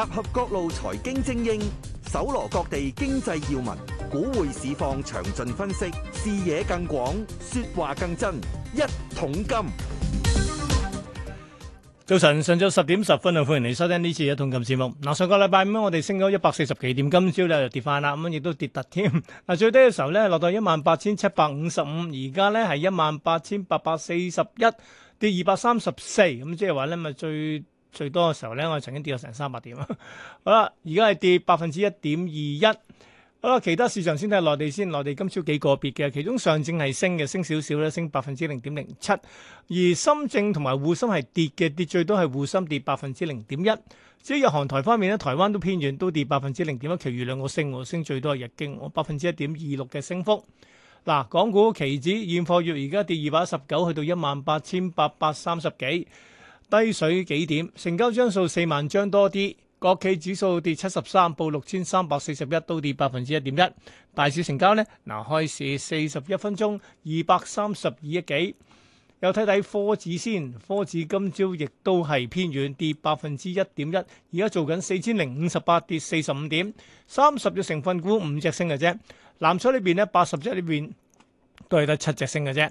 集合各路財經精英，搜羅各地經濟要聞，股匯市況詳盡分析，視野更廣，說話更真。一桶金，早晨，上晝十點十分啊！歡迎你收聽呢次一桶金節目。嗱，上個禮拜五我哋升咗一百四十幾點，今朝咧又跌翻啦，咁亦都跌突添。嗱，最低嘅時候咧落到一萬八千七百五十五，而家咧係一萬八千八百四十一，跌二百三十四，咁即係話咧咪最。最多嘅時候咧，我曾經跌咗成三百點。好啦，而家係跌百分之一點二一。好啦，其他市場先睇內地先，內地今朝幾個別嘅，其中上證係升嘅，升少少咧，升百分之零點零七。而深證同埋滬深係跌嘅，跌最多係滬深跌百分之零點一。至於日韓台方面咧，台灣都偏軟，都跌百分之零點一。其餘兩個升，我升最多係日經，我百分之一點二六嘅升幅。嗱、啊，港股期指現貨月而家跌二百一十九，去到一萬八千八百三十幾。低水幾點？成交張數四萬張多啲。國企指數跌七十三，報六千三百四十一，都跌百分之一點一。大市成交呢，嗱開市四十一分鐘二百三十二億幾。又睇睇科指先，科指今朝亦都係偏軟，跌百分之一點一。而家做緊四千零五十八，跌四十五點。三十隻成分股五隻升嘅啫。藍籌呢邊呢，八十隻呢邊都係得七隻升嘅啫。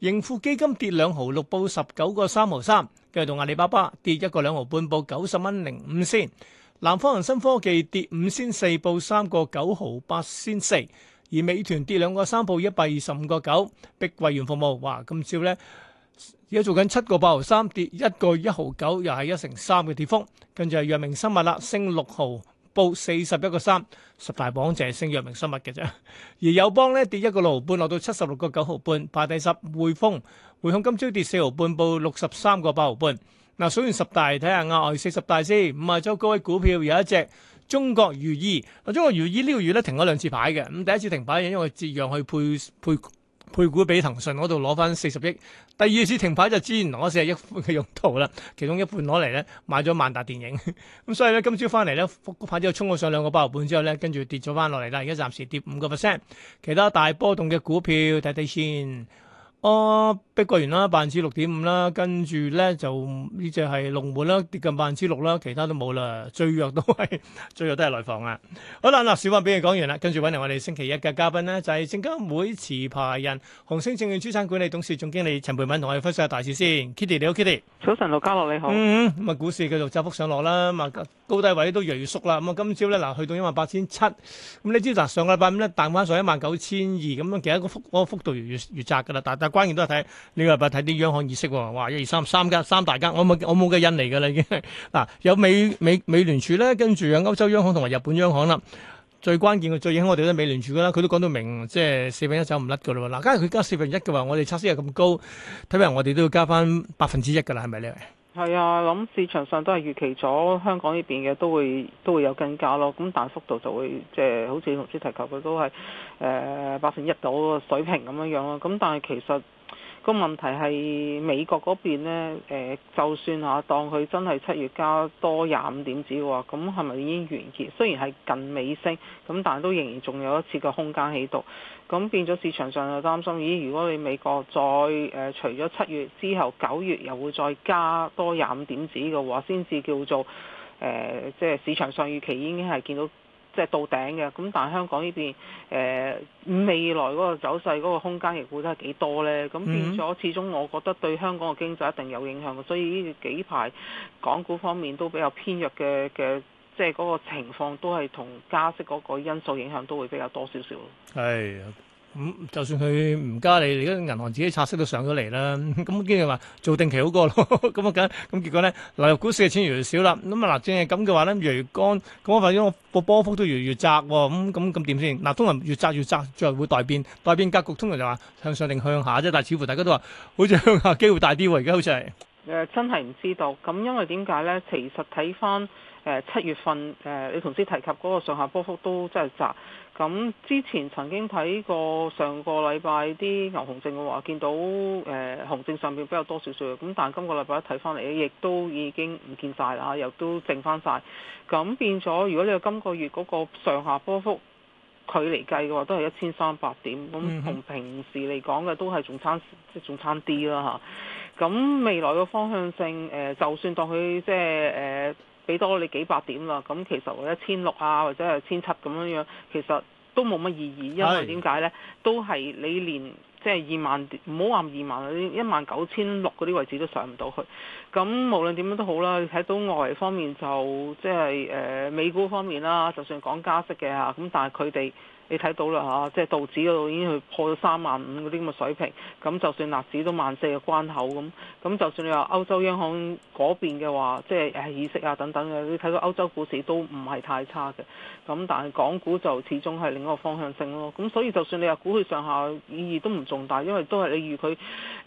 盈富基金跌兩毫六，報十九個三毫三。繼續到阿里巴巴跌一個兩毫半，報九十蚊零五先。南方恒生科技跌五先四，報三個九毫八先四。而美團跌兩個三，報一百二十五個九。碧桂園服務哇，今朝咧而家做緊七個八毫三，跌一個一毫九，又係一成三嘅跌幅。跟住係藥明生物啦，升六毫。報四十一個三，十大榜淨係升藥明生物嘅啫。而友邦咧跌一個六毫半，落到七十六個九毫半，排第十。匯豐匯控今朝跌四毫半，報六十三個八毫半。嗱，數完十大，睇下額外四十大先。五日周高位股票有一隻中國如意。啊，中國如意呢個月咧停咗兩次牌嘅。咁第一次停牌係因為佢折讓，去配配配股俾騰訊嗰度攞翻四十億，第二次停牌就之前攞四十億嘅用途啦，其中一半攞嚟咧買咗萬達電影，咁所以咧今朝翻嚟咧，復牌之後沖咗上兩個八毫半之後咧，跟住跌咗翻落嚟啦，而家暫時跌五個 percent，其他大波動嘅股票睇睇先。看看啊，碧桂園啦，百分之六點五啦，跟住咧就呢隻係龍門啦，跌近百分之六啦，其他都冇啦，最弱都係最弱都係內房啊！好啦，嗱，小話俾你講完啦，跟住揾嚟我哋星期一嘅嘉賓咧，就係證監會持牌人、紅星證券資產管理董事總經理陳培敏，同我哋分析下大市先。Kitty 你好，Kitty。早晨，盧嘉樂你好。嗯嗯，咁啊，股市繼續窄幅上落啦，咁啊高低位都越嚟越縮啦。咁啊，今朝咧嗱，去到一萬八千七，咁你知嗱上個禮拜五咧彈翻上一萬九千二，咁啊，其實個幅幅度越越窄噶啦，但係，關鍵都係睇呢個禮拜睇啲央行議息喎，哇，一二三三家三大家，我冇我冇嘅印嚟噶啦，已經嗱有美美美聯儲咧，跟住有歐洲央行同埋日本央行啦。最關鍵嘅最影響我哋都係美聯儲噶啦，佢都講到明，即係四分一走唔甩噶咯喎。嗱，梗係佢加四分一嘅話，我哋息率係咁高，睇嚟我哋都要加翻百分之一噶啦，係咪咧？是係啊，諗市場上都係預期咗，香港呢邊嘅都會都會有更加咯，咁但係幅度就會即係好似同叔提及嘅都係誒百分一到嘅水平咁樣樣咯，咁但係其實。個問題係美國嗰邊咧、呃，就算嚇、啊、當佢真係七月加多廿五點子喎，咁係咪已經完結？雖然係近尾聲，咁但係都仍然仲有一次嘅空間喺度。咁變咗市場上就擔心咦？如果你美國再誒、呃、除咗七月之後，九月又會再加多廿五點子嘅話，先至叫做誒，即、呃、係、就是、市場上預期已經係見到。即係到頂嘅，咁但係香港呢邊誒、呃、未來嗰個走勢嗰個空間亦估得係幾多呢？咁變咗，始終我覺得對香港嘅經濟一定有影響嘅，所以呢幾排港股方面都比較偏弱嘅嘅，即係嗰個情況都係同加息嗰個因素影響都會比較多少少。係、哎。咁就算佢唔加你，而家銀行自己拆息都上咗嚟啦。咁跟住話做定期好過咯。咁啊緊咁結果咧流入股市嘅錢越嚟越少啦。咁啊嗱，正係咁嘅話咧，越嚟越乾咁我發現我個波幅都越嚟越窄喎、哦。咁咁咁點先？嗱，通常越窄越窄，最後會待變，待變格局通常就話向上定向下啫。但係似乎大家都話好似向下機會大啲喎、哦。而家好似係誒真係唔知道。咁因為點解咧？其實睇翻誒七月份誒、呃呃，你頭先提及嗰個上下波幅都真係窄。咁之前曾經睇過上個禮拜啲牛熊證嘅話，見到誒熊證上邊比較多少少，咁但係今個禮拜一睇翻嚟，亦都已經唔見晒啦，又都剩翻晒。咁變咗，如果你話今個月嗰個上下波幅距離計嘅話，都係一千三百點，咁同平時嚟講嘅都係仲差，即仲差啲啦嚇。咁、啊、未來嘅方向性誒、呃，就算當佢即係誒。呃俾多你幾百點啦，咁其實或者千六啊，或者係千七咁樣樣，其實都冇乜意義，因為點解呢？都係你連即係、就是、二萬唔好話二萬一萬九千六嗰啲位置都上唔到去。咁無論點樣都好啦，睇到外圍方面就即係誒美股方面啦，就算講加息嘅嚇，咁但係佢哋。你睇到啦嚇，即係道指嗰度已經去破咗三萬五嗰啲咁嘅水平，咁就算納指都萬四嘅關口咁，咁就算你話歐洲央行嗰邊嘅話，即係誒意識啊等等嘅，你睇到歐洲股市都唔係太差嘅，咁但係港股就始終係另一個方向性咯。咁所以就算你話估佢上下意義都唔重大，因為都係你預佢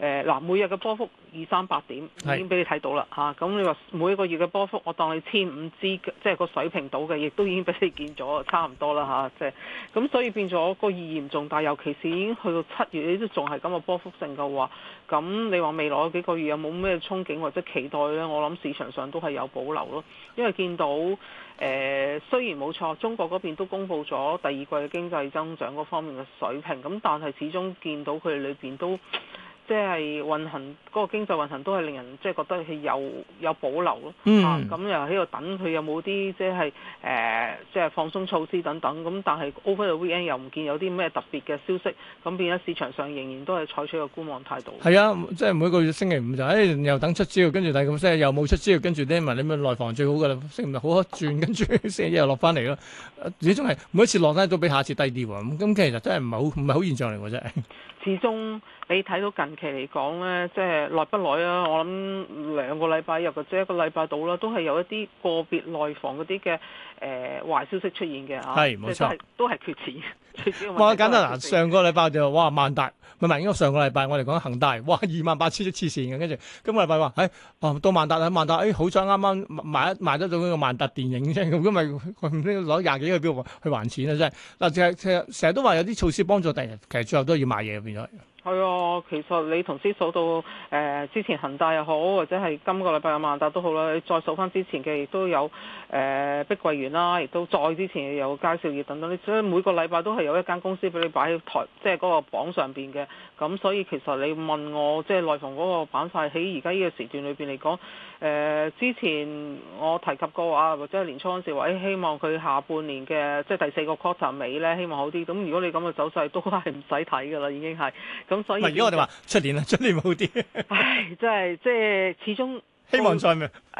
誒嗱每日嘅波幅二三百點已經俾你睇到啦嚇，咁是、啊、你話每一個月嘅波幅，我當你千五支即係個水平到嘅，亦都已經俾你見咗差唔多啦嚇、啊，即係咁。嗯。所以變咗個意嚴重，但係尤其是已經去到七月，呢都仲係咁個波幅性嘅話。咁你話未來嗰幾個月有冇咩憧憬或者期待呢？我諗市場上都係有保留咯，因為見到誒、呃、雖然冇錯，中國嗰邊都公布咗第二季嘅經濟增長嗰方面嘅水平，咁但係始終見到佢裏邊都。即係運行嗰、那個經濟運行都係令人即係覺得係有有保留咯，咁又喺度等佢有冇啲即係誒、呃、即係放鬆措施等等，咁但係 over the weekend 又唔見有啲咩特別嘅消息，咁變咗市場上仍然都係採取一個觀望態度。係、嗯、啊，即係每個月星期五就誒、哎、又等出招，跟住但係咁即係又冇出招，跟住啲人你咪內房最好㗎啦。星期五好可轉，跟住星期一又落翻嚟咯。始終係每一次落翻都比下次低啲喎。咁其實真係唔係好唔係好現象嚟㗎啫。真始終你睇到近期嚟講咧，即係耐不耐啊？我諗兩個禮拜入或者一個禮拜到啦，都係有一啲個別內房嗰啲嘅誒壞消息出現嘅啊。係冇錯，都係缺錢。哇！簡單嗱，上個禮拜就哇萬達，唔係應該上個禮拜我哋講恒大，哇二萬八千一黐線嘅，跟住今個禮拜話誒，到萬達喺萬達誒好彩啱啱賣得到呢個萬達電影啫，咁咪攞廿幾個 bill 去還錢啦，真係嗱，成日都話有啲措施幫助第日，其實最後都要賣嘢。係啊，其實你頭先數到誒、呃、之前恒大又好，或者係今個禮拜有萬達都好啦。你再數翻之前嘅，亦都有誒、呃、碧桂園啦、啊，亦都再之前有佳兆業等等。你所以每個禮拜都係有一間公司俾你擺喺台，即係嗰個榜上邊嘅。咁所以其實你問我，即係內房嗰個板塊喺而家呢個時段裏邊嚟講。誒、呃、之前我提及過啊，或者係年初嗰陣時話、哎，希望佢下半年嘅即係第四個 quarter 尾咧，希望好啲。咁如果你咁嘅走勢都係唔使睇㗎喇，已經係。咁所以如果我哋話出年啦，出年好啲。唉、 哎，真係即係始終。希望在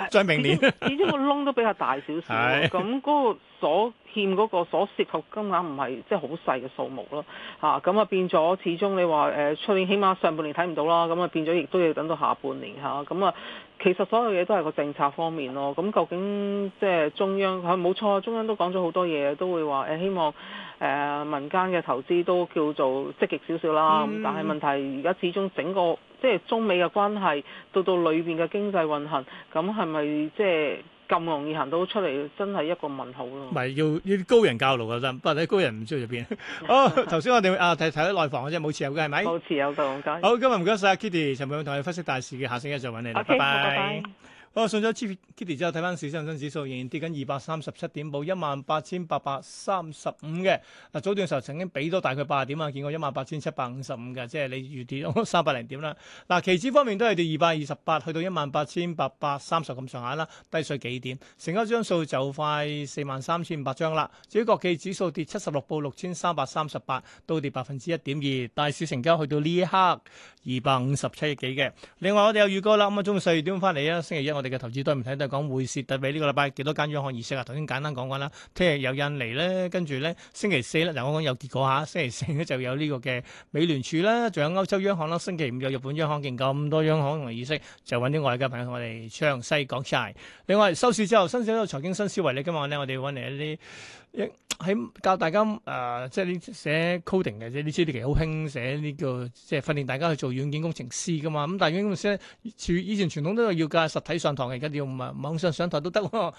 在、哦、明年中。始終 個窿都比較大少少，咁嗰 個所欠嗰個所涉及金額唔係即係好細嘅數目咯。嚇、啊，咁啊變咗，始終你話誒出年起碼上半年睇唔到啦，咁啊變咗亦都要等到下半年嚇。咁啊、啊，其實所有嘢都係個政策方面咯。咁、啊、究竟即係、就是、中央嚇冇、啊、錯，中央都講咗好多嘢，都會話誒、呃、希望誒、呃、民間嘅投資都叫做積極少少啦。嗯、但係問題而家始終整個。即係中美嘅關係，到到裏邊嘅經濟運行，咁係咪即係咁容易行到出嚟？真係一個問號咯。唔係要呢啲高人教路人不、 哦、啊，真。但係高人唔知入邊。好，頭先我哋啊睇睇內房即啫，冇持有嘅係咪？冇持有嘅，好。今日唔該晒啊，Kitty，尋日同你分析大市嘅，下星期再揾你啦。Okay, 拜拜。拜拜。啊，上咗 Kitty 之後，睇翻市升新指數仍然跌緊二百三十七點，報一萬八千八百三十五嘅。嗱，早段時候曾經俾咗大概八點啊，見過一萬八千七百五十五嘅，即係你預跌咗三百零點啦。嗱，期指方面都係跌二百二十八，去到一萬八千八百三十咁上下啦，低水幾點。成交張數就快四萬三千五百張啦。至於國企指數跌七十六報六千三百三十八，都跌百分之一點二。大市成交去到呢一刻二百五十七億幾嘅。另外我哋有預告啦，咁啊，中午十二點翻嚟啊，星期一我哋嘅投資都唔睇都係講匯市，特別呢個禮拜幾多間央行議息。啊？頭先簡單講過啦，聽日有印尼咧，跟住咧星期四咧，嗱我講有結果嚇，星期四咧就有呢個嘅美聯儲啦，仲有歐洲央行啦，星期五有日本央行，見咁多央行同埋議息，就揾啲外界朋友同我哋詳細講晒。另外收市之後，新鮮嘅財經新思維咧，今晚咧我哋揾嚟一啲。一喺教大家誒，即係呢寫 coding 嘅，即係呢啲其實好興寫呢個，即係訓練大家去做軟件工程師噶嘛。咁但係軟件工程師呢，以前傳統都要架實體上堂嘅，而家要唔係網上上台都得喎。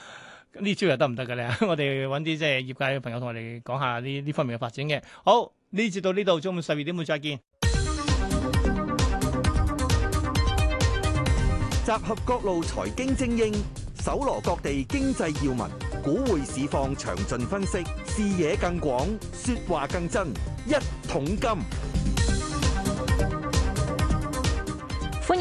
呢招又得唔得嘅咧？我哋揾啲即係業界嘅朋友同我哋講下呢呢方面嘅發展嘅。好，呢節到呢度，中午十二點會再見。集合各路財經精英，搜羅各地經濟要聞。股匯市況詳盡分析，視野更廣，說話更真，一桶金。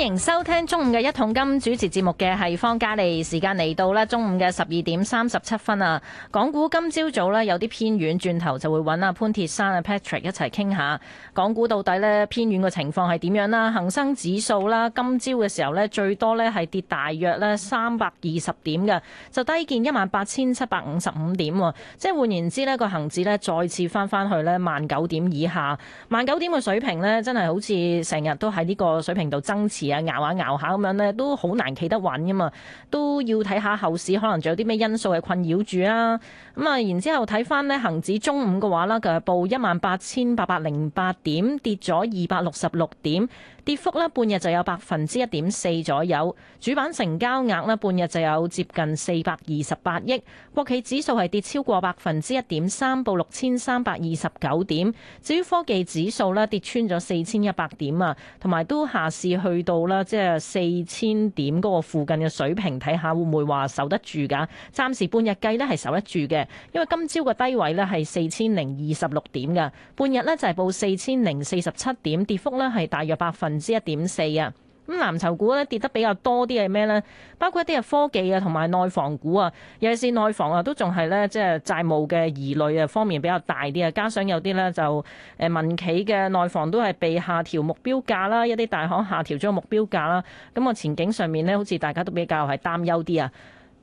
歡迎收聽中午嘅一桶金，主持節目嘅係方嘉莉，時間嚟到咧，中午嘅十二點三十七分啊！港股今朝早呢，有啲偏軟，轉頭就會揾阿潘鐵珊阿 Patrick 一齊傾下，港股到底呢？偏軟嘅情況係點樣啦？恒生指數啦，今朝嘅時候呢，最多呢係跌大約呢三百二十點嘅，就低見一萬八千七百五十五點喎，即係換言之呢，個恒指呢，再次翻翻去呢萬九點以下，萬九點嘅水平呢，真係好似成日都喺呢個水平度增持。咬下、嗯啊、咬下咁樣呢都好難企得穩噶嘛，都要睇下後市可能仲有啲咩因素係困擾住啦。咁啊，然之後睇翻呢恆指中午嘅話咧，就係報一萬八千八百零八點，跌咗二百六十六點。跌幅呢，半日就有百分之一點四左右，主板成交額呢，半日就有接近四百二十八億，國企指數係跌超過百分之一點三，報六千三百二十九點。至於科技指數呢，跌穿咗四千一百點啊，同埋都下市去到啦即係四千點嗰個附近嘅水平，睇下會唔會話守得住噶，暫時半日計咧係守得住嘅，因為今朝嘅低位咧係四千零二十六點噶，半日咧就係報四千零四十七點，跌幅咧係大約百分。百分之一點四啊，咁、嗯、藍籌股呢，跌得比較多啲係咩呢？包括一啲係科技啊，同埋內房股啊，尤其是內房啊，都仲係呢，即係債務嘅疑慮啊方面比較大啲啊，加上有啲呢，就誒民企嘅內房都係被下調目標價啦，一啲大行下調咗目標價啦，咁啊前景上面呢，好似大家都比較係擔憂啲啊。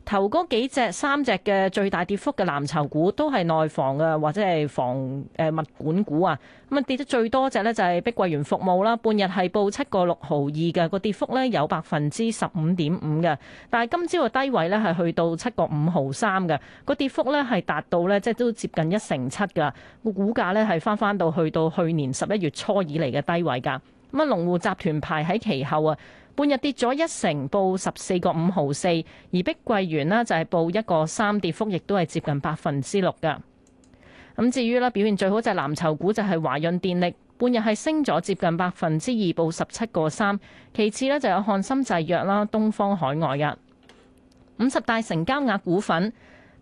頭嗰幾隻三隻嘅最大跌幅嘅藍籌股都係內房嘅，或者係房誒、呃、物管股啊，咁啊，跌得最多隻呢，就係、是、碧桂園服務啦，半日係報七個六毫二嘅，個跌幅呢有百分之十五點五嘅，但係今朝個低位呢，係去到七個五毫三嘅，個跌幅呢係達到呢，即係都接近一成七㗎，個股價呢，係翻翻到去到去年十一月初以嚟嘅低位㗎。咁啊，龍湖集團排喺其後啊，半日跌咗一成，報十四個五毫四；而碧桂園呢，就係報一個三，跌幅亦都係接近百分之六噶。咁至於啦，表現最好就係藍籌股，就係華潤電力，半日係升咗接近百分之二，報十七個三。其次呢，就有漢森製藥啦、東方海外噶。五十大成交額股份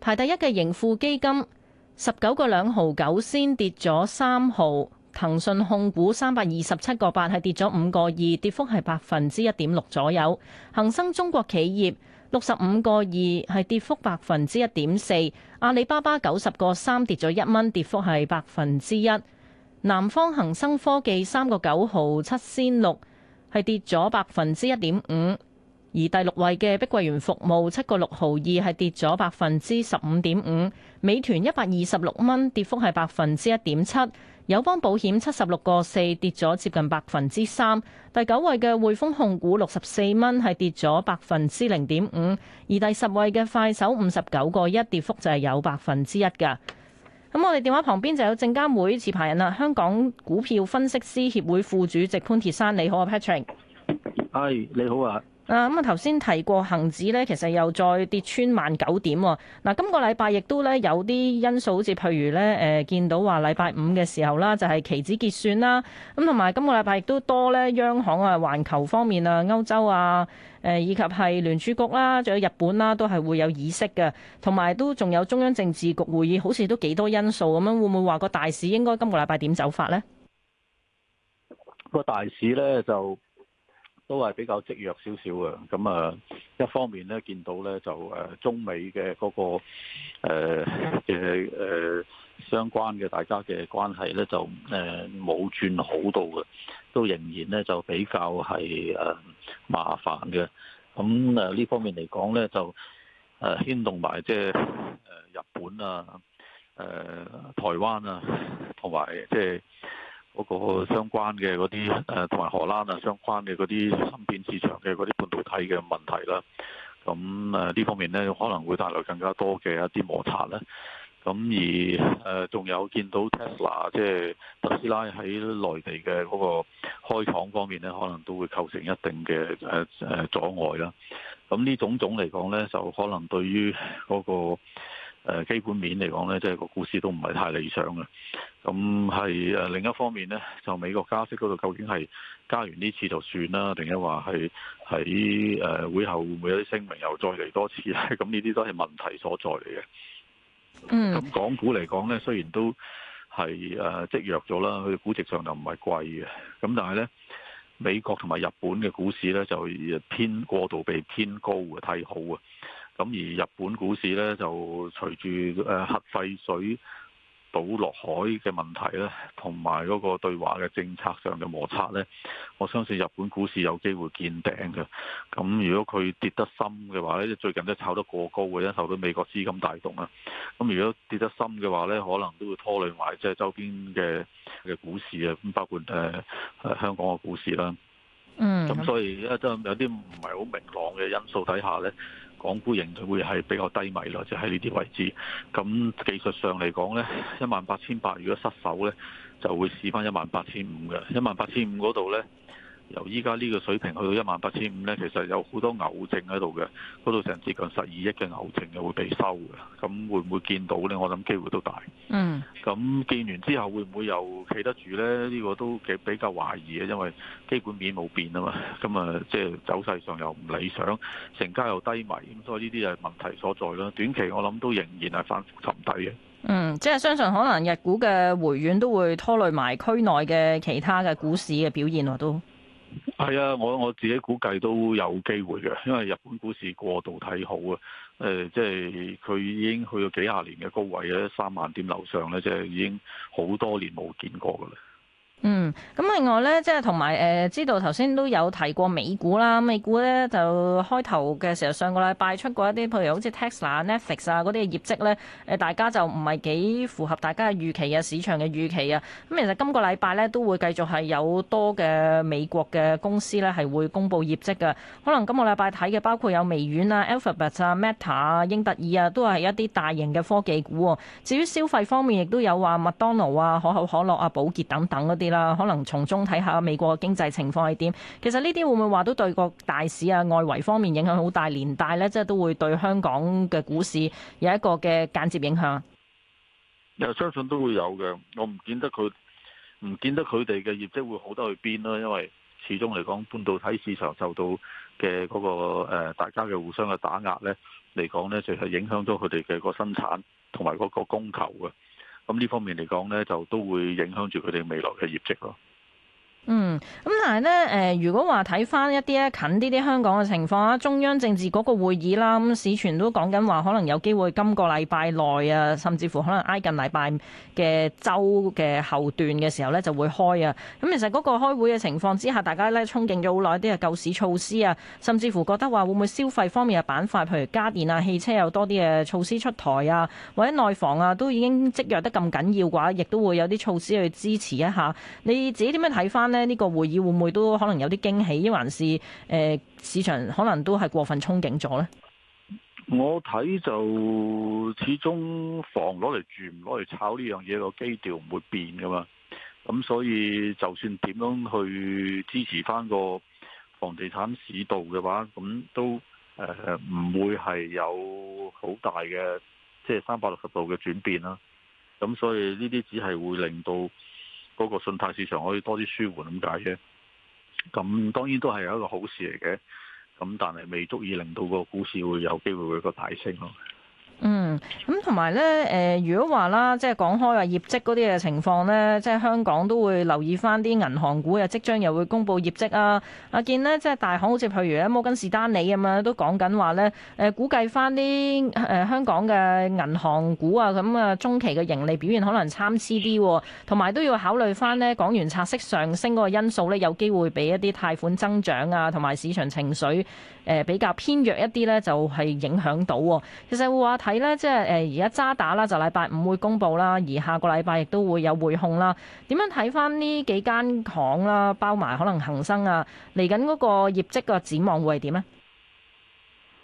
排第一嘅盈富基金，十九個兩毫九先跌咗三毫。騰訊控股，三百二十七個八係跌咗五個二，跌幅係百分之一點六左右。恒生中國企業六十五個二係跌幅百分之一點四。阿里巴巴九十個三跌咗一蚊，跌幅係百分之一。南方恒生科技三個九毫七仙六係跌咗百分之一點五，而第六位嘅碧桂園服務七個六毫二係跌咗百分之十五點五。美團一百二十六蚊，跌幅係百分之一點七。友邦保險七十六個四跌咗接近百分之三，第九位嘅匯豐控股六十四蚊係跌咗百分之零點五，而第十位嘅快手五十九個一跌幅就係有百分之一㗎。咁我哋電話旁邊就有證監會持牌人啦，香港股票分析師協會副主席潘鐵珊，你好啊 Patrick。Hi，你好啊。啊，咁啊、嗯，頭先提過恒指咧，其實又再跌穿萬九點。嗱、嗯，今個禮拜亦都咧有啲因素，好似譬如咧，誒、呃，見到話禮拜五嘅時候啦，就係、是、期指結算啦。咁同埋今個禮拜亦都多咧，央行啊、環球方面啊、歐洲啊、誒、呃、以及係聯儲局啦、啊，仲有日本啦、啊，都係會有議息嘅。同埋都仲有中央政治局會議，好似都幾多因素咁樣、嗯。會唔會話個大市應該今個禮拜點走法呢？個大市咧就，都係比較積弱少少嘅。咁啊，一方面咧，見到咧就誒中美嘅嗰、那個誒誒、呃呃、相關嘅大家嘅關係咧，就誒冇轉好到嘅，都仍然咧就比較係誒麻煩嘅。咁誒呢方面嚟講咧，就誒牽動埋即係誒日本啊、誒、呃、台灣啊，同埋即係。嗰個相關嘅嗰啲誒同埋荷蘭啊相關嘅嗰啲芯片市場嘅嗰啲半導體嘅問題啦，咁誒呢方面呢可能會帶來更加多嘅一啲摩擦啦。咁而誒仲有見到 Tesla 即係特斯拉喺內地嘅嗰個開廠方面呢，可能都會構成一定嘅誒誒阻礙啦。咁呢種種嚟講呢，就可能對於嗰個。誒基本面嚟講呢，即係個股市都唔係太理想嘅。咁係誒另一方面呢，就美國加息嗰度究竟係加完呢次就算啦，定係話係喺誒會後會唔會有啲聲明又再嚟多次咧？咁呢啲都係問題所在嚟嘅。咁港股嚟講呢，雖然都係誒積弱咗啦，佢估值上就唔係貴嘅。咁但係呢，美國同埋日本嘅股市呢，就偏過度被偏高嘅睇好啊。咁而日本股市咧，就隨住誒核廢水倒落海嘅問題咧，同埋嗰個對華嘅政策上嘅摩擦咧，我相信日本股市有機會見頂嘅。咁如果佢跌得深嘅話咧，最近都炒得過高嘅，受到美國資金帶動啊。咁如果跌得深嘅話咧，可能都會拖累埋即係周邊嘅嘅股市啊。咁包括誒香港嘅股市啦。嗯。咁所以咧，真係有啲唔係好明朗嘅因素底下咧。港股型會係比較低迷咯，即係呢啲位置。咁技術上嚟講咧，一萬八千八如果失守咧，就會試翻一萬八千五嘅，一萬八千五嗰度咧。由依家呢個水平去到一萬八千五呢，其實有好多牛證喺度嘅，嗰度成接近十二億嘅牛證又會被收嘅，咁會唔會見到呢？我諗機會都大。嗯。咁見完之後會唔會又企得住呢？呢個都幾比較懷疑嘅，因為基本面冇變啊嘛。咁啊，即係走勢上又唔理想，成交又低迷，咁所以呢啲就係問題所在啦。短期我諗都仍然係反覆尋底嘅。嗯，即係相信可能日股嘅回軟都會拖累埋區內嘅其他嘅股市嘅表現喎，都。係啊，我我自己估計都有機會嘅，因為日本股市過度睇好啊。誒、呃，即係佢已經去到幾廿年嘅高位啊，三萬點樓上咧，即係已經好多年冇見過㗎啦。嗯，咁另外咧，即係同埋誒，知道頭先都有提過美股啦。美股呢，就開頭嘅時候，上個禮拜出過一啲，譬如好似 Tesla、Netflix 啊嗰啲嘅業績呢，誒大家就唔係幾符合大家嘅預期啊，市場嘅預期啊。咁、嗯、其實今個禮拜呢，都會繼續係有多嘅美國嘅公司呢係會公布業績嘅。可能今個禮拜睇嘅包括有微軟啊、Alphabet 啊、Meta 啊、英特爾啊，都係一啲大型嘅科技股啊。至於消費方面，亦都有話麥當勞啊、可口可樂啊、寶潔等等嗰啲啊，可能從中睇下美國經濟情況係點？其實呢啲會唔會話都對個大市啊、外圍方面影響好大，連帶呢，即係都會對香港嘅股市有一個嘅間接影響。又相信都會有嘅，我唔見得佢唔見得佢哋嘅業績會好得去邊咯，因為始終嚟講，半導體市場受到嘅嗰個大家嘅互相嘅打壓呢，嚟講呢，就係影響咗佢哋嘅個生產同埋嗰個供求嘅。咁呢方面嚟講呢，就都會影響住佢哋未來嘅業績咯。嗯，咁但係咧，誒、呃，如果話睇翻一啲咧近啲啲香港嘅情況啊，中央政治局嘅會議啦，咁市傳都講緊話可能有機會今個禮拜內啊，甚至乎可能挨近禮拜嘅周嘅後段嘅時候咧就會開啊。咁、嗯、其實嗰個開會嘅情況之下，大家咧憧憬咗好耐啲嘅救市措施啊，甚至乎覺得話會唔會消費方面嘅板塊譬如家電啊、汽車有多啲嘅措施出台啊，或者內房啊，都已經積弱得咁緊要嘅話亦都會有啲措施去支持一下。你自己點樣睇翻咧？呢個會議會唔會都可能有啲驚喜，抑還是市場可能都係過分憧憬咗呢？我睇就始終房攞嚟住唔攞嚟炒呢樣嘢個基調唔會變㗎嘛。咁所以就算點樣去支持返個房地產市道嘅話，咁都誒唔會係有好大嘅，即係三百六十度嘅轉變啦。咁所以呢啲只係會令到嗰個信貸市場可以多啲舒緩咁解啫，咁當然都係有一個好事嚟嘅，咁但係未足以令到個股市會有機會會個大升咯。嗯。咁同埋咧，誒、呃、如果話啦，即係講開話業績嗰啲嘅情況呢，即係香港都會留意翻啲銀行股啊，即將又會公布業績啊。啊見呢，即係大行好似譬如摩根士丹利咁樣，都講緊話呢，誒、呃、估計翻啲誒香港嘅銀行股啊，咁啊中期嘅盈利表現可能參差啲，啊，同埋都要考慮翻呢港元拆息上升嗰個因素呢，有機會俾一啲貸款增長啊，同埋市場情緒誒比較偏弱一啲呢，就係、是、影響到、啊。其實會話睇呢。即係誒，而家渣打啦，就禮拜五會公布啦，而下個禮拜亦都會有匯控啦。點樣睇翻呢幾間行啦？包埋可能恒生啊，嚟緊嗰個業績個展望會係點咧？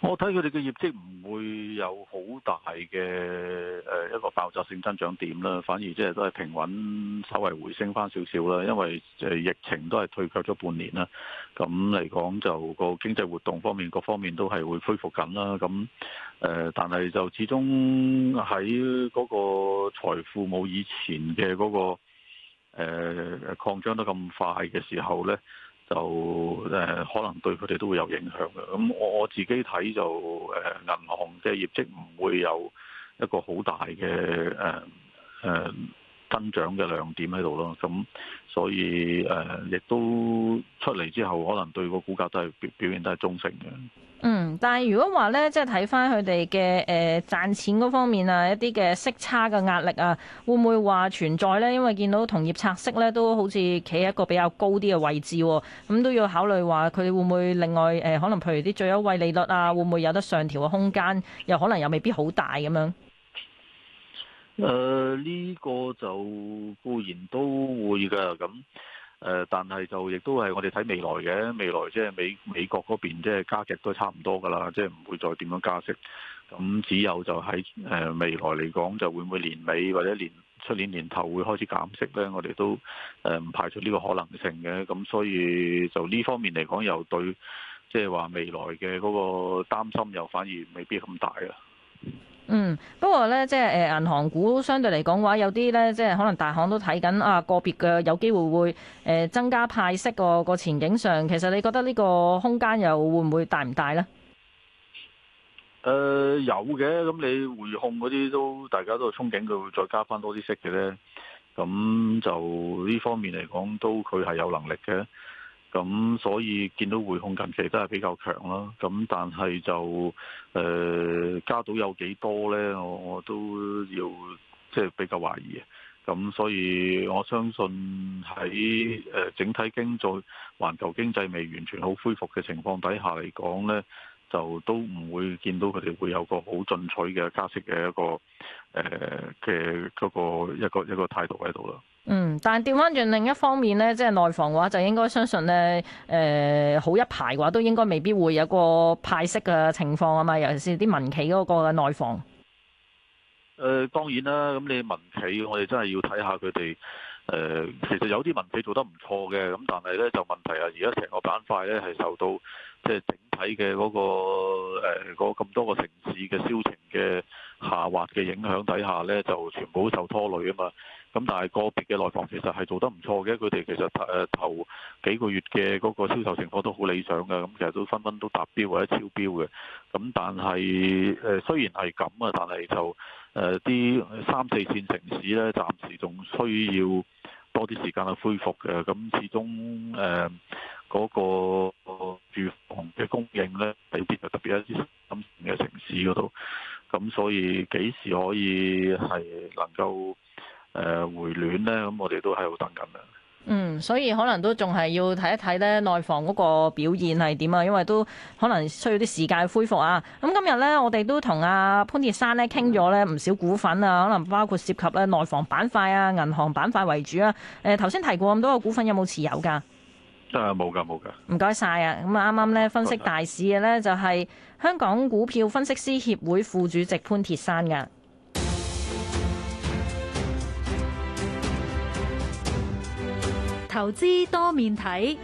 我睇佢哋嘅業績唔會有好大嘅，誒一個爆炸性增長點啦，反而即係都係平穩稍微回升翻少少啦。因為誒疫情都係退卻咗半年啦，咁嚟講就個經濟活動方面各方面都係會恢復緊啦。咁誒，但係就始終喺嗰個財富冇以前嘅嗰個誒擴張得咁快嘅時候咧。就誒可能對佢哋都會有影響嘅，咁我我自己睇就誒銀行嘅業績唔會有一個好大嘅誒誒。嗯嗯增長嘅亮點喺度咯，咁所以誒亦都出嚟之後，可能對個股價都係表表現都係中性嘅。嗯，但係如果話咧，即係睇翻佢哋嘅誒賺錢嗰方面啊，一啲嘅息差嘅壓力啊，會唔會話存在咧？因為見到同業拆息咧，都好似企喺一個比較高啲嘅位置喎，咁都要考慮話佢哋會唔會另外誒，可能譬如啲最優惠利率啊，會唔會有得上調嘅空間？又可能又未必好大咁樣。誒，呢、uh, 個就固然都會噶，咁誒、呃，但係就亦都係我哋睇未來嘅，未來即係美美國嗰邊即係加息都差唔多噶啦，即係唔會再點樣加息，咁只有就喺誒、呃、未來嚟講，就會唔會年尾或者年出年年頭會開始減息咧？我哋都誒唔排除呢個可能性嘅，咁所以就呢方面嚟講，又對即係話未來嘅嗰個擔心又反而未必咁大啊。嗯，不過咧，即係誒，銀行股相對嚟講話，有啲咧，即係可能大行都睇緊啊，個別嘅有機會會誒增加派息個、哦、個前景上，其實你覺得呢個空間又會唔會大唔大咧？誒、呃，有嘅，咁你匯控嗰啲都，大家都係憧憬佢會再加翻多啲息嘅咧，咁就呢方面嚟講，都佢係有能力嘅。咁所以見到匯控近期都係比較強啦，咁但係就誒、呃、加到有幾多咧，我我都要即係、就是、比較懷疑嘅。咁所以我相信喺誒整體經濟、環球經濟未完全好恢復嘅情況底下嚟講咧,就都唔會見到佢哋會有個好進取嘅加息嘅一個誒嘅、嗰個、一個一個態度喺度啦。嗯，但係掉返轉另一方面呢，即係內房嘅話就應該相信呢誒好一排嘅話都應該未必會有個派息嘅情況啊嘛，尤其是啲民企嗰個嘅內房。誒、呃，當然啦，咁你民企我哋真係要睇下佢哋，誒、呃，其實有啲民企做得唔錯嘅，咁但係呢，就問題啊，而家成個板塊呢，係受到即係整體嘅嗰、嗰個誒，咁、呃、多個城市嘅銷情嘅下滑嘅影響底下呢，就全部都受拖累啊嘛。咁但係個別嘅內房其實係做得唔錯嘅，佢哋其實誒頭幾個月嘅嗰個銷售情況都好理想嘅，咁其實都紛紛都達標或者超標嘅。咁但係誒雖然係咁啊，但係就誒啲、呃、三四線城市咧，暫時仲需要多啲時間去恢復嘅。咁始終誒嗰、呃那個住房嘅供應咧，未必係特別喺啲新嘅城市嗰度，咁所以幾時可以係能夠？誒回暖呢，咁我哋都喺度等緊啦。嗯，所以可能都仲係要睇一睇咧內房嗰個表現係點啊，因為都可能需要啲時間恢復啊。咁今日咧，我哋都同阿潘鐵珊咧傾咗咧唔少股份啊，可能包括涉及咧內房板塊啊、銀行板塊為主有有有啊。誒頭先提過咁多個股份，有冇持有噶？誒冇噶冇噶。唔該晒啊！咁啊啱啱咧分析大市嘅咧，就係香港股票分析師協會副主席潘鐵珊噶。投資多面睇，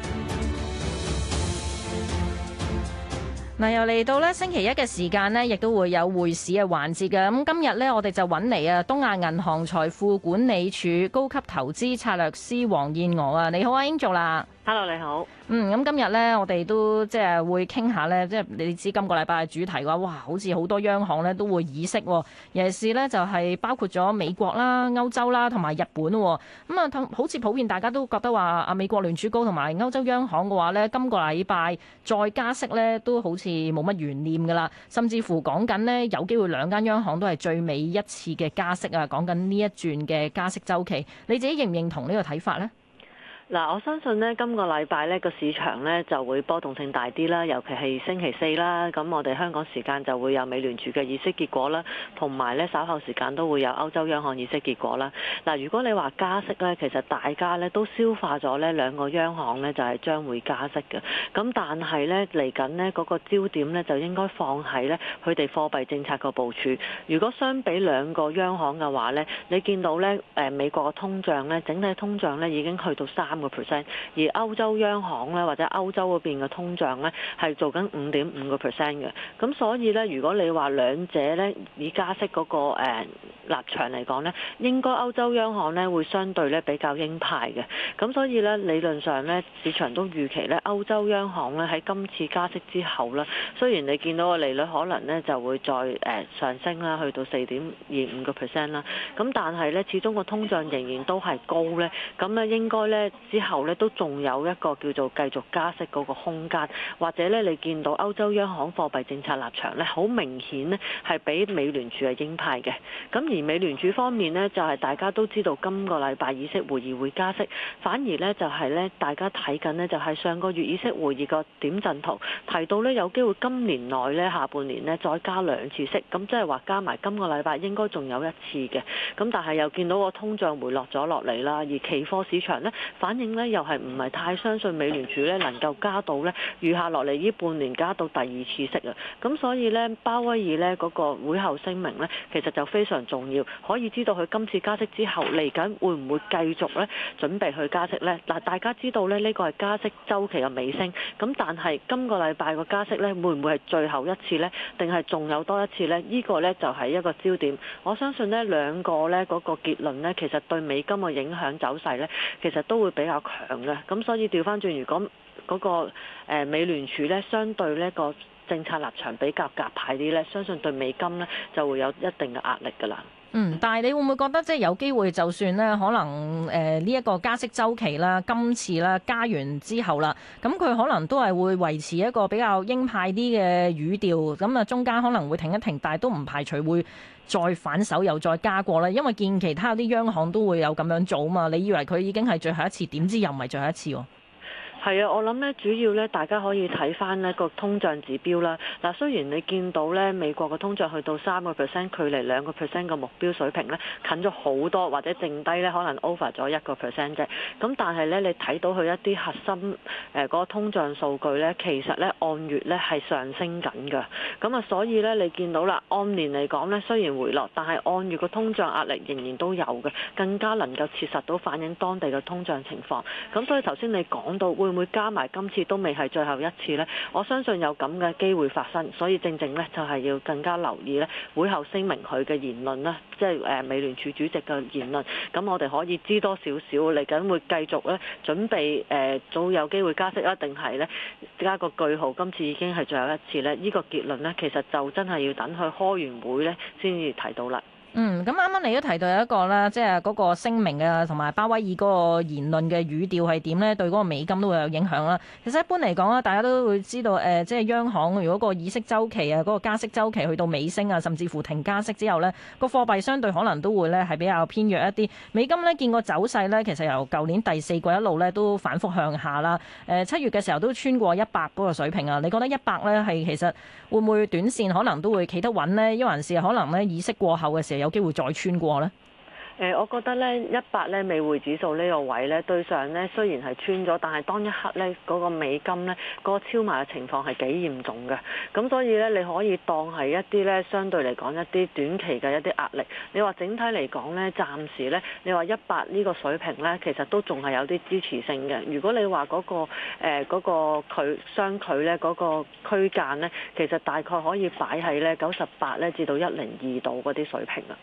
嗱又嚟到咧星期一嘅時間咧，亦都會有匯市嘅環節嘅。咁今日咧，我哋就揾嚟啊，東亞銀行財富管理處高級投資策略師黃燕娥啊，你好啊，Angel 啦，Hello，你好。嗯，咁今日咧，我哋都即係會傾下咧，即係你知今個禮拜嘅主題嘅話，哇，好似好多央行咧都會議息，尤其是咧就係、是、包括咗美國啦、歐洲啦同埋日本，咁啊，嗯、好似普遍大家都覺得話啊，美國聯儲高同埋歐洲央行嘅話咧，今個禮拜再加息咧都好似冇乜懸念噶啦，甚至乎講緊呢，有機會兩間央行都係最尾一次嘅加息啊，講緊呢一轉嘅加息週期，你自己認唔認同呢個睇法呢？嗱，我相信呢，今個禮拜呢個市場呢就會波動性大啲啦，尤其係星期四啦，咁我哋香港時間就會有美聯儲嘅議息結果啦，同埋呢稍後時間都會有歐洲央行議息結果啦。嗱，如果你話加息呢，其實大家呢都消化咗呢兩個央行呢，就係、是、將會加息嘅，咁但係呢嚟緊呢嗰、那個焦點呢，就應該放喺呢佢哋貨幣政策嘅部署。如果相比兩個央行嘅話呢，你見到呢誒美國嘅通脹呢，整體通脹呢已經去到三個，而歐洲央行咧，或者歐洲嗰邊嘅通脹咧係做緊五點五個 percent 嘅，咁所以咧，如果你話兩者咧以加息嗰個誒立場嚟講咧，應該歐洲央行咧會相對咧比較鷹派嘅。咁所以咧，理論上咧，市場都預期咧，歐洲央行咧喺今次加息之後咧，雖然你見到個利率可能咧就會再誒上升啦，去到四點二五個 percent 啦，咁但係咧，始終個通脹仍然都係高咧，咁咧應該咧。之後咧，都仲有一個叫做繼續加息嗰個空間，或者咧，你見到歐洲央行貨幣政策立場咧，好明顯咧，係比美聯儲係鷹派嘅。咁而美聯儲方面呢，就係、是、大家都知道今個禮拜議息會議會加息，反而呢就係咧，大家睇緊呢，就係、是、上個月議息會議個點陣圖，提到呢，有機會今年內呢，下半年呢再加兩次息，咁即係話加埋今個禮拜應該仲有一次嘅。咁但係又見到個通脹回落咗落嚟啦，而期貨市場呢，反。應咧又係唔係太相信美聯儲咧能夠加到呢，餘下落嚟呢半年加到第二次息啊！咁所以呢，鮑威爾呢嗰、那個會後聲明呢，其實就非常重要，可以知道佢今次加息之後嚟緊會唔會繼續呢？準備去加息呢？嗱，大家知道呢，呢、這個係加息周期嘅尾聲，咁但係今個禮拜個加息呢，會唔會係最後一次呢？定係仲有多一次呢？呢、這個呢，就係、是、一個焦點。我相信呢兩個呢嗰、那個結論咧，其實對美金嘅影響走勢呢，其實都會比。比較強嘅，咁所以調翻轉，如果嗰個誒美聯儲咧相對呢個政策立場比較鴿派啲咧，相信對美金咧就會有一定嘅壓力噶啦。嗯，但係你會唔會覺得即係有機會，就算咧可能誒呢一個加息周期啦，今次啦加完之後啦，咁佢可能都係會維持一個比較鷹派啲嘅語調，咁啊中間可能會停一停，但係都唔排除會。再反手又再加過啦，因為見其他有啲央行都會有咁樣做嘛，你以為佢已經係最後一次，點知又唔係最後一次。係啊，我諗咧，主要咧，大家可以睇返呢個通脹指標啦。嗱，雖然你見到咧美國嘅通脹去到三個 percent，距離兩個 percent 個目標水平咧近咗好多，或者剩低咧可能 over 咗一個 percent 啫。咁但係咧，你睇到佢一啲核心誒嗰、呃嗰個通脹數據咧，其實咧按月咧係上升緊㗎。咁啊，所以咧你見到啦，按年嚟講咧雖然回落，但係按月個通脹壓力仍然都有嘅，更加能夠切實到反映當地嘅通脹情況。咁所以頭先你講到會唔會加埋今次都未係最後一次呢。我相信有咁嘅機會發生，所以正正呢，就係要更加留意呢。會後聲明佢嘅言論啦，即係誒美聯儲主席嘅言論。咁、就是、我哋可以知多少少嚟緊會繼續咧準備誒，早有機會加息啊，一定係呢。加個句號。今次已經係最後一次呢。呢、呢個結論呢，其實就真係要等佢開完會呢先至提到啦。嗯，咁啱啱你都提到有一個啦，即係嗰個聲明嘅同埋鮑威爾嗰個言論嘅語調係點呢？對嗰個美金都會有影響啦。其實一般嚟講啊，大家都會知道誒、呃，即係央行如果個議息周期啊，嗰、嗰個加息周期去到尾聲啊，甚至乎停加息之後呢，個貨幣相對可能都會呢係比較偏弱一啲。美金呢，見個走勢呢，其實由舊年第四季一路呢都反覆向下啦。誒、呃、七月嘅時候都穿過一百嗰個水平啊，你覺得一百呢係其實會唔會短線可能都會企得穩呢？亦還是可能咧議息過後嘅時候有？有機會再穿過呢？誒，我覺得咧，一百咧美匯指數呢個位咧，對上咧雖然係穿咗，但係當一刻咧嗰個美金咧嗰個超賣嘅情況係幾嚴重嘅。咁所以咧，你可以當係一啲咧相對嚟講一啲短期嘅一啲壓力。你話整體嚟講咧，暫時咧，你話一百呢個水平咧，其實都仲係有啲支持性嘅。如果你話嗰個誒嗰個佢相距咧嗰個區間咧，其實大概可以擺喺咧九十八咧至到一零二度嗰啲水平啦。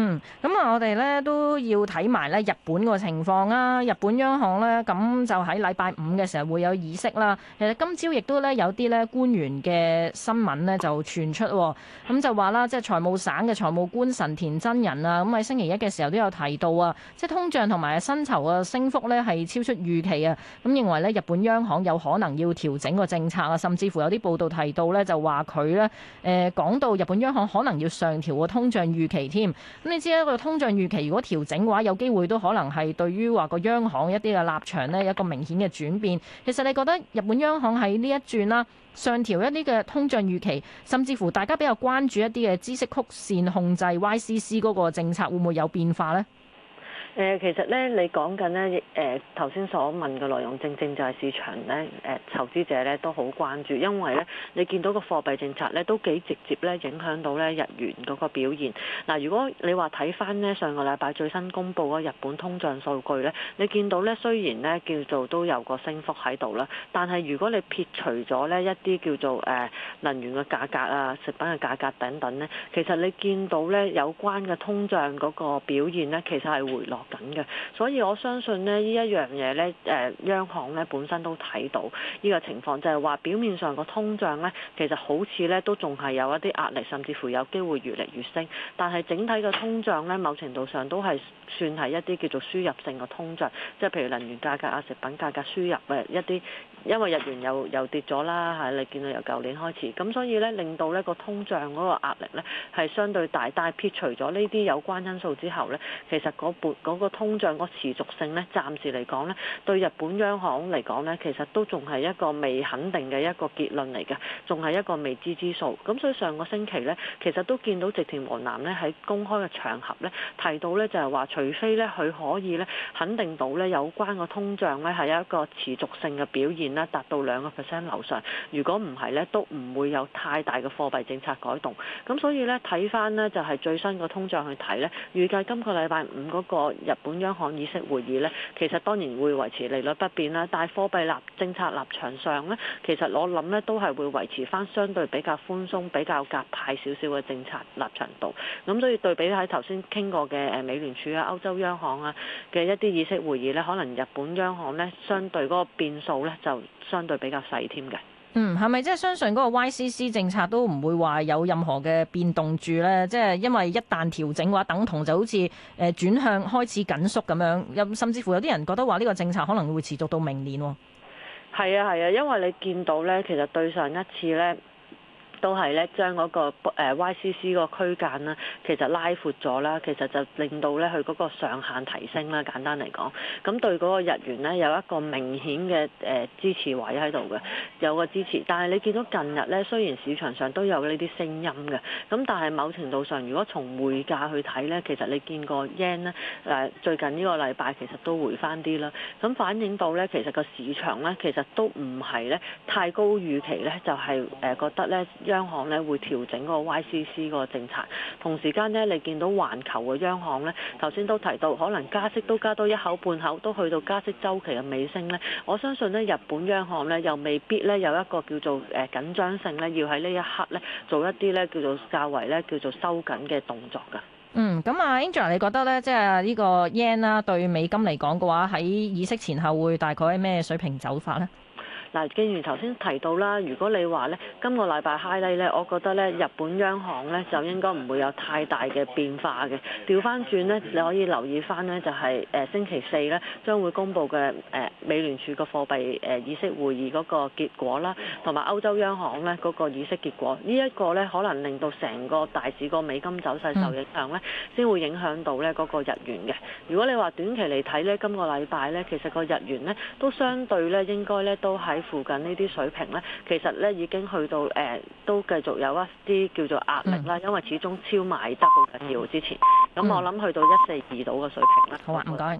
嗯，咁啊，我哋咧都要睇埋咧日本個情況啦，日本央行呢，咁就喺禮拜五嘅時候會有議息啦。其實今朝亦都咧有啲咧官員嘅新聞咧就傳出喎，咁就話啦，即係財務省嘅財務官神田真人啊，咁喺星期一嘅時候都有提到啊，即係通脹同埋薪酬嘅升幅咧係超出預期啊，咁認為咧日本央行有可能要調整個政策啊，甚至乎有啲報道提到咧就話佢咧誒講到日本央行可能要上調個通脹預期添。咁你知一個通脹預期如果調整嘅話，有機會都可能係對於話個央行一啲嘅立場咧，一個明顯嘅轉變。其實你覺得日本央行喺呢一轉啦，上調一啲嘅通脹預期，甚至乎大家比較關注一啲嘅孳息曲線控制 YCC 嗰個政策會唔會有變化咧？誒、呃、其實咧，你講緊咧，誒頭先所問嘅內容，正正就係市場咧，誒、呃、投資者咧都好關注，因為咧你見到個貨幣政策咧都幾直接咧影響到咧日元嗰個表現。嗱、呃，如果你話睇翻呢上個禮拜最新公布嘅日本通脹數據咧，你見到咧雖然咧叫做都有個升幅喺度啦，但係如果你撇除咗咧一啲叫做誒能源嘅價格啊、食品嘅價格等等咧，其實你見到咧有關嘅通脹嗰個表現咧，其實係回落。緊嘅，所以我相信呢依一樣嘢呢，誒、呃，央行呢本身都睇到呢、這個情況，就係話表面上個通脹呢，其實好似呢都仲係有一啲壓力，甚至乎有機會越嚟越升。但係整體嘅通脹呢，某程度上都係算係一啲叫做輸入性嘅通脹，即係譬如能源價格啊、食品價格輸入嘅一啲。因為日元又又跌咗啦嚇，你見到由舊年開始，咁所以咧令到咧個通脹嗰個壓力咧係相對大，大，大，但係撇除咗呢啲有關因素之後咧，其實嗰、那個嗰個通脹個持續性咧，暫時嚟講咧，對日本央行嚟講咧，其實都仲係一個未肯定嘅一個結論嚟嘅，仲係一個未知之數。咁所以上個星期咧，其實都見到植田和男咧喺公開嘅場合咧提到咧就係話，除非咧佢可以咧肯定到咧有關個通脹咧係有一個持續性嘅表現，達到兩個 percent 樓上，如果唔係呢，都唔會有太大嘅貨幣政策改動。咁所以呢，睇翻呢，就係最新個通脹去睇呢，預計今個禮拜五嗰個日本央行議息會議呢，其實當然會維持利率不變啦。但係貨幣立政策立場上呢，其實我諗呢，都係會維持翻相對比較寬鬆、比較夾派少少嘅政策立場度。咁所以對比喺頭先傾過嘅誒美聯儲啊、歐洲央行啊嘅一啲議息會議呢，可能日本央行呢，相對嗰個變數呢就。相對比較細添嘅。嗯，係咪即係相信嗰個 YCC 政策都唔會話有任何嘅變動住呢？即係因為一旦調整嘅話，等同就好似誒轉向開始緊縮咁樣，甚至乎有啲人覺得話呢個政策可能會持續到明年。係啊係啊，因為你見到呢，其實對上一次呢。都係咧，將嗰個誒 YCC 個區間啦，其實拉闊咗啦，其實就令到咧佢嗰個上限提升啦。簡單嚟講，咁對嗰個日元咧有一個明顯嘅誒支持位喺度嘅，有個支持。但係你見到近日咧，雖然市場上都有呢啲聲音嘅，咁但係某程度上，如果從匯價去睇咧，其實你見個 yen 咧誒最近呢個禮拜其實都回翻啲啦。咁反映到咧，其實個市場咧，其實都唔係咧太高預期咧，就係誒覺得咧。央行咧會調整個 YCC 個政策，同時間呢，你見到環球嘅央行呢，頭先都提到可能加息都加多一口半口，都去到加息週期嘅尾聲呢，我相信呢，日本央行呢，又未必呢，有一個叫做誒緊張性呢要喺呢一刻呢做一啲呢叫做較為呢叫做收緊嘅動作㗎。嗯，咁啊，Angela 你覺得呢？即係呢個 yen 啦、啊、對美金嚟講嘅話，喺議息前後會大概係咩水平走法呢？嗱，既然頭先提到啦，如果你話呢，今、這個禮拜 high 呢，我覺得呢，日本央行呢，就應該唔會有太大嘅變化嘅。調翻轉呢，你可以留意翻呢、就是，就係誒星期四呢，將會公佈嘅誒美聯儲個貨幣誒議息會議嗰個結果啦，同埋歐洲央行呢嗰、那個議息結果。呢、這、一個呢，可能令到成個大市個美金走勢受影響呢，先會影響到呢嗰、那個日元嘅。如果你話短期嚟睇呢，今、這個禮拜呢，其實個日元呢，都相對呢，應該呢都係。附近呢啲水平呢，其實呢已經去到誒、呃，都繼續有一啲叫做壓力啦，因為始終超買得好緊要之前，咁我諗去到一四二度嘅水平啦。好啊，唔該。